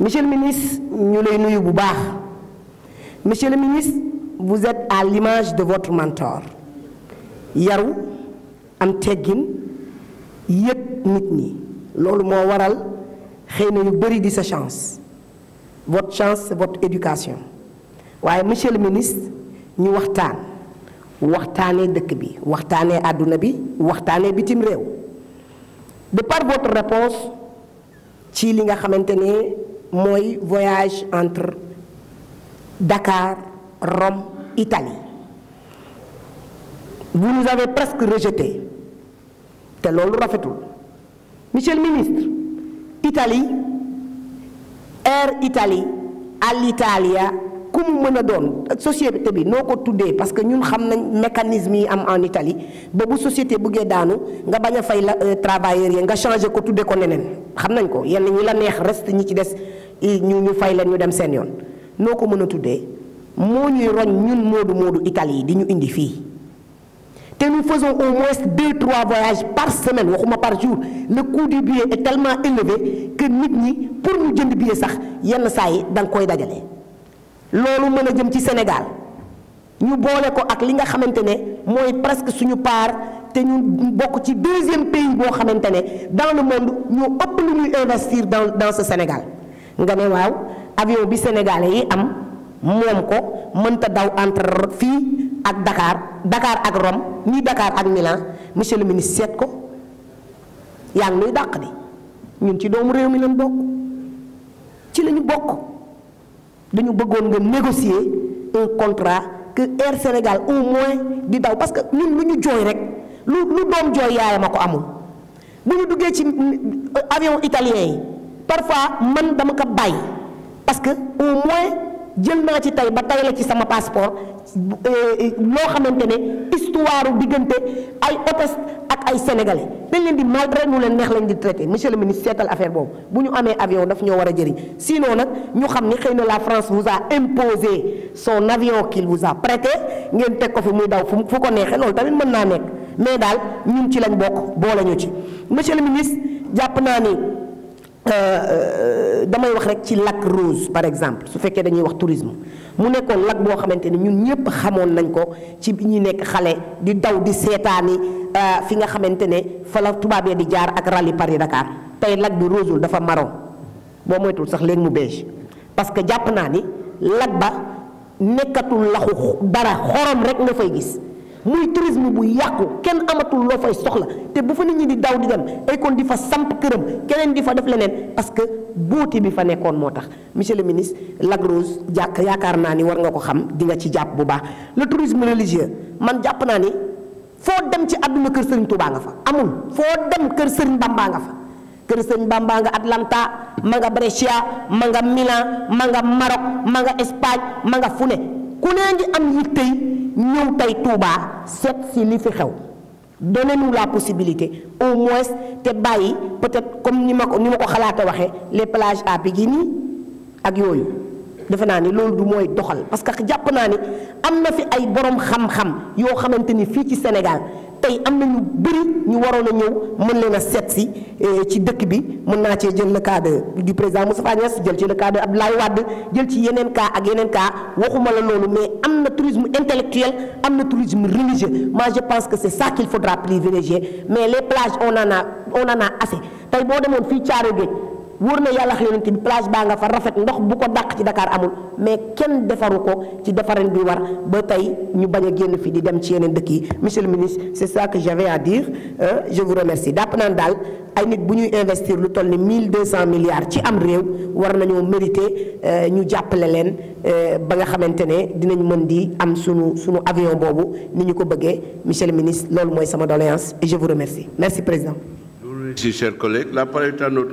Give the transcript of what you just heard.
monsieur le ministre ñu lay nuyu bu baax monsieur le ministre vous êtes à l'image de votre mentor yaru am teggin yëpp nit ñi loolu moo waral xëy na yu bëri di sa chance votre chance votre éducation waaye monsieur le ministre ñu waxtaan waxtaanee dëkk bi waxtaanee àdduna bi waxtaanee bitim réew de par votre réponse ci li nga xamante ne mooy voyage entre Dakar Rome Italie vous nous avez presque rejeté te loolu rafetul monsieur le ministre Italie Air Italie Alitalia ku mu mën a doon société bi noo ko tuddee parce que ñun xam nañ mécanisme yi am en Italie ba bu société buggee daanu nga bañ a fay la euh, travailleur yi nga changé ko tuddee ko neneen xam nañ ko yenn ñi la neex reste ñi ci des. ñu ñu fay leen ñu dem seen yoon noo ko mën a tuddee moo ñuy roñ ñun moodu moodu Italie yi di ñu indi fii te nous faisons au moins deux trois voyages par semaine waxuma par jour le coût du billet est tellement élevé que nit ñi pour ñu jënd billet sax yenn saa yi da nga koy dajale. loolu mën a jëm ci Sénégal ñu boole ko ak li nga xamante ne mooy presque suñu part te ñu bokk ci deuxième pays boo xamante ne dans le monde ñoo ëpp lu ñuy investir dans dans ce Sénégal. nga ne waaw avion bi sénégalais yi am moom ko mënta daw entre fii ak Dakar Dakar ak Rome nii Dakar ak Milan monsieur le ministre seet ko yaa ngi nuy dàq di ñun ci doomu réew mi lañ bokk ci lañu bokk dañu bëggoon nga négocier un contrat que Air Sénégal au moins di daw parce que ñun lu ñu jooy rek lu lu doom jooy yaayam a ko amul bu ñu duggee ci euh, avion italien yi. parfois man dama ko bàyyi parce que au moins jël naa ci tey ba tey la ci sama passeport euh, loo xamante ne histoire diggante ay hôtesse ak ay sénégalais dañ leen di maltraité ñu leen neex lañ di traité monsieur le ministre seetal affaire boobu bu ñu amee avion daf ñoo war a jëriñ sinon nag ñu xam ni xëy na la France vous a imposé son avion qu'il vous a prêté ngeen teg ko fi muy daw fu ko neexee loolu tamit mën naa nekk mais daal ñun ci lañ bokk boole ñu ci Euh, euh, damay wax rek ci lakk Rose par exemple su fekkee dañuy wax tourisme mu nekkoon lac boo xamante ne ñun ñëpp xamoon nañ ko ci bi ñuy nekk xale di daw di seetaani euh, fi nga xamante ne fa la tubaab yi di jaar ak rallye Paris Dakar tey lac bi roseul dafa marron boo moytul sax leen mu beige parce que jàpp naa ni lac ba nekkatul laxu dara xorom rek nga fay gis. muy tourisme bu yàqu kenn amatul loo fay soxla te bu fa nit ñi di daw di dem ay kon di fa samp këram keneen di fa def leneen parce que beauté bi fa nekkoon moo tax monsieur le ministre Lac Rose jàkk yaakaar naa ni war nga ko xam di nga ci jàpp bu baax le tourisme religieux man jàpp naa ni foo dem ci àdduna kër Serigne Touba nga fa amul foo dem kër Serigne Bamba nga fa kër Serigne Bamba nga Atlanta ma nga Brescia ma nga Milan ma nga Maroc ma nga Espagne ma nga fu am yittey ñëw tey Touba. seet si li fi xew donnez-nous la possibilité au moins te bàyyi peut-être comme ni ma ko ni ma ko xalaate waxee les plages à Bikini ak yooyu defe naa ni loolu du mooy doxal parce que jàpp naa ni am na fi ay borom xam-xam yoo xamante ni fii ci Sénégal tey am na ñu bëri ñu waroon a ñëw mën leen a seet si eh, ci dëkk bi mën naa cee jël le cas de du président Moustapha Niasse jël ci le cas de Abdoulaye Wade jël ci yeneen cas ak yeneen cas waxuma la loolu mais am na tourisme intellectuel am na tourisme religieux moi je pense que c'est ça qu'il faudra privilégier mais les plages on en a on en a assez tey boo demoon fii Thiaroye Géej wóor na yàlla ak yonent bi baa nga fa rafet ndox bu ko dàq ci Dakar amul mais kenn defaru ko ci defarin bi war ba tey ñu bañ a génn fii di dem ci yeneen dëkk yi monsieur le ministre c'est ça que j'avais à dire euh, je vous remercie dàpp naan daal ay nit bu ñuy investir lu toll ni 1200 milliards ci am réew war nañoo mérité euh, ñu jàppale leen euh, ba nga xamante ne dinañ mën di am sunu sunu avion boobu ni ñu ko bëggee monsieur le ministre loolu mooy sama doléance et je vous remercie merci La parole